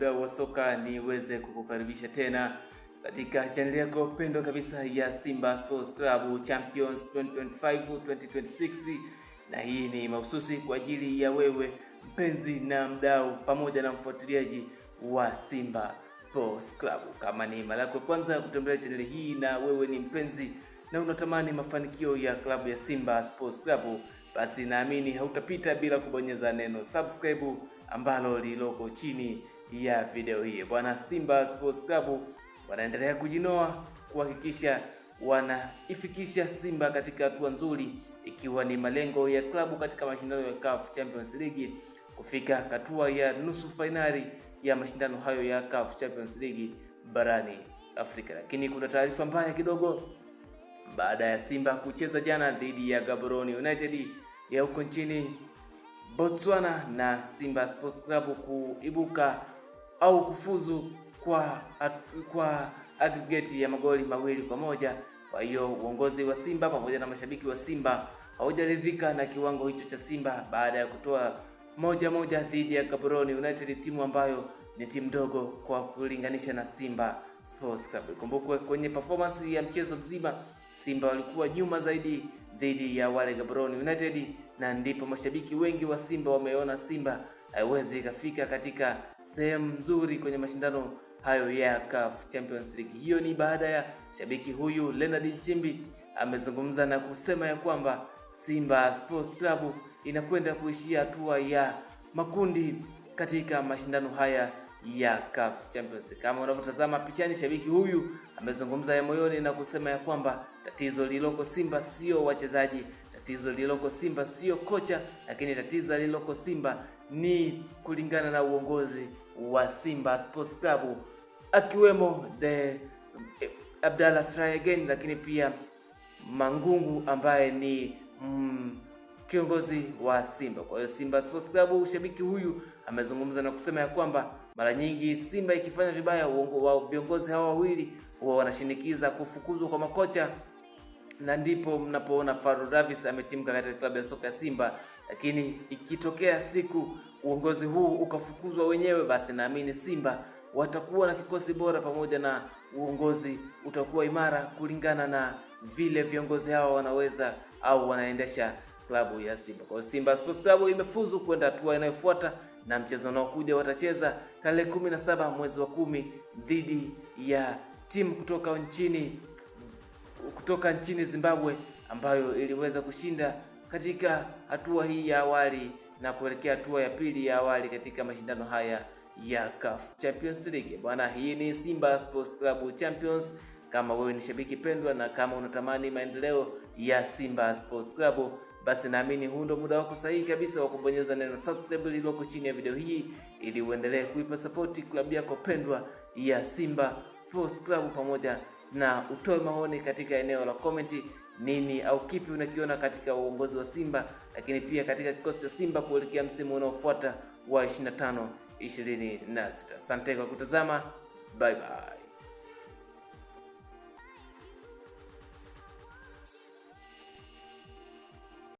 muda wa soka, niweze kukukaribisha tena katika chaneli yako pendwa kabisa ya Simba Sports Club Champions 2025 2026, na hii ni mahususi kwa ajili ya wewe mpenzi na mdau pamoja na mfuatiliaji wa Simba Sports Club. Kama ni mara yako ya kwanza kutembelea chaneli hii na wewe ni mpenzi na unatamani mafanikio ya klabu ya Simba Sports Club, basi naamini hautapita bila kubonyeza neno subscribe ambalo liloko chini ya video hii. Bwana Simba Sports Club wanaendelea kujinoa kuhakikisha wanaifikisha Simba katika hatua nzuri, ikiwa ni malengo ya klabu katika mashindano ya CAF Champions League kufika hatua ya nusu fainali ya mashindano hayo ya CAF Champions League barani Afrika. Lakini kuna taarifa mbaya kidogo baada ya Simba kucheza jana dhidi ya Gaborone United ya huko nchini Botswana na Simba Sports Club kuibuka au kufuzu kwa, kwa aggregate ya magoli mawili kwa moja. Kwa hiyo uongozi wa Simba pamoja na mashabiki wa Simba hawajaridhika na kiwango hicho cha Simba baada ya kutoa moja moja dhidi ya Gaborone United, timu ambayo ni timu ndogo kwa kulinganisha na Simba Sports Club. Kumbukwe kwenye performance ya mchezo mzima Simba walikuwa nyuma zaidi dhidi ya wale Gaborone United, na ndipo mashabiki wengi wa Simba wameona Simba aweze ikafika katika sehemu nzuri kwenye mashindano hayo ya CAF Champions League. Hiyo ni baada ya shabiki huyu Leonard Nchimbi amezungumza na kusema ya kwamba Simba Sports Club inakwenda kuishia hatua ya makundi katika mashindano haya ya CAF Champions. Kama unavyotazama pichani, shabiki huyu amezungumza ya moyoni na kusema ya kwamba tatizo lililoko Simba sio wachezaji, Tatizo lililoko Simba sio kocha, lakini tatizo lililoko Simba ni kulingana na uongozi wa Simba Sports Club akiwemo the eh, Abdallah Try Again, lakini pia Mangungu ambaye ni mm, kiongozi wa Simba. Kwa hiyo Simba Sports Club, shabiki huyu amezungumza na kusema ya kwamba mara nyingi Simba ikifanya vibaya, wa viongozi hawa wawili huwa wanashinikiza kufukuzwa kwa makocha na ndipo mnapoona Faru Davis ametimka katika klabu ya soka ya Simba. Lakini ikitokea siku uongozi huu ukafukuzwa wenyewe, basi naamini Simba watakuwa na kikosi bora pamoja na uongozi utakuwa imara kulingana na vile viongozi hawa wanaweza au wanaendesha klabu ya Simba. Kwa Simba Sports Club imefuzu kwenda hatua inayofuata na mchezo unaokuja watacheza tarehe 17 mwezi wa kumi dhidi ya timu kutoka nchini kutoka nchini Zimbabwe ambayo iliweza kushinda katika hatua hii ya awali na kuelekea hatua ya pili ya awali katika mashindano haya ya CAF Champions League. Bwana, hii ni Simba Sports Club Champions. Kama wewe ni shabiki pendwa na kama unatamani maendeleo ya Simba Sports Club, basi naamini huu ndo muda wako sahihi kabisa wa kubonyeza neno subscribe lililoko chini ya video hii ili uendelee kuipa sapoti klabu yako pendwa ya Simba Sports Club pamoja na utoe maoni katika eneo la komenti, nini au kipi unakiona katika uongozi wa Simba, lakini pia katika kikosi cha Simba kuelekea msimu unaofuata wa 25 26. Asante kwa kutazama, bye bye.